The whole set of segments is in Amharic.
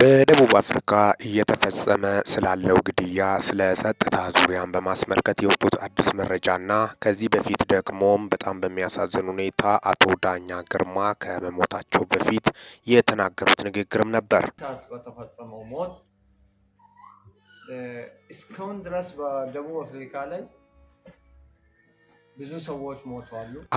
በደቡብ አፍሪካ እየተፈጸመ ስላለው ግድያ ስለ ጸጥታ ዙሪያን በማስመልከት የወጡት አዲስ መረጃና ከዚህ በፊት ደግሞም በጣም በሚያሳዝን ሁኔታ አቶ ዳኛ ግርማ ከመሞታቸው በፊት የተናገሩት ንግግርም ነበር። በተፈጸመው ሞት እስካሁን ድረስ በደቡብ አፍሪካ ላይ ብዙ ሰዎች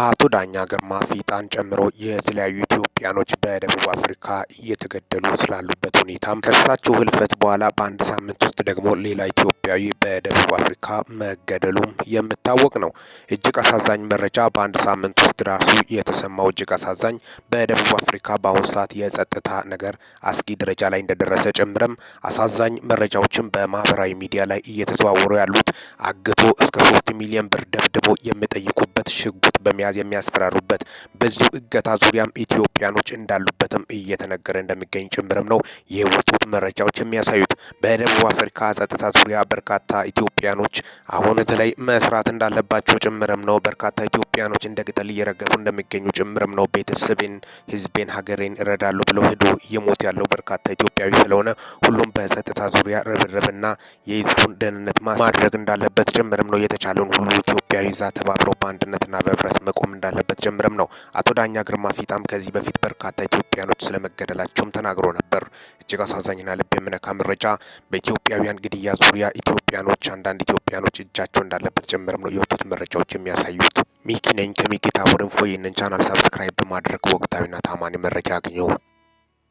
አቶ ዳኛ ግርማ ፊጣን ጨምሮ የተለያዩ ኢትዮጵያኖች በደቡብ አፍሪካ እየተገደሉ ስላሉበት ሁኔታም ከእሳቸው ህልፈት በኋላ በአንድ ሳምንት ውስጥ ደግሞ ሌላ ኢትዮጵያዊ በደቡብ አፍሪካ መገደሉም የሚታወቅ ነው። እጅግ አሳዛኝ መረጃ በአንድ ሳምንት ውስጥ ራሱ የተሰማው እጅግ አሳዛኝ በደቡብ አፍሪካ በአሁኑ ሰዓት የጸጥታ ነገር አስጊ ደረጃ ላይ እንደደረሰ ጭምርም አሳዛኝ መረጃዎችን በማህበራዊ ሚዲያ ላይ እየተዘዋወሩ ያሉት አግቶ እስከ ሶስት ሚሊዮን ብር ደብድቦ የምት የሚጠይቁበት ሽጉጥ በመያዝ የሚያስፈራሩበት በዚሁ እገታ ዙሪያም ኢትዮጵያኖች እንዳሉበትም እየተነገረ እንደሚገኝ ጭምርም ነው የወጡት መረጃዎች የሚያሳዩት። በደቡብ አፍሪካ ጸጥታ ዙሪያ በርካታ ኢትዮጵያኖች አሁን በተለይ መስራት እንዳለባቸው ጭምርም ነው። በርካታ ኢትዮጵያኖች እንደ ቅጠል እየረገፉ እንደሚገኙ ጭምርም ነው። ቤተሰቤን፣ ህዝቤን፣ ሀገሬን እረዳለሁ ብለው ሄዶ እየሞት ያለው በርካታ ኢትዮጵያዊ ስለሆነ ሁሉም በጸጥታ ዙሪያ ርብርብና የህዝቡን ደህንነት ማድረግ እንዳለበት ጭምርም ነው። የተቻለውን ሁሉ ኢትዮጵያዊ ዛ ተባብሮ በአንድነትና በህብረት ጦርነት መቆም እንዳለበት ጀምረም ነው። አቶ ዳኛ ግርማ ፊጣም ከዚህ በፊት በርካታ ኢትዮጵያኖች ስለመገደላቸውም ተናግሮ ነበር። እጅግ አሳዛኝና ልብ የምነካ መረጃ በኢትዮጵያውያን ግድያ ዙሪያ ኢትዮጵያኖች አንዳንድ ኢትዮጵያኖች እጃቸው እንዳለበት ጀምረም ነው የወጡት መረጃዎች የሚያሳዩት። ሚኪ ነኝ ከሚኪታ ወርንፎ። ይህንን ቻናል ሰብስክራይብ በማድረግ ወቅታዊና ታማኒ መረጃ አግኘው።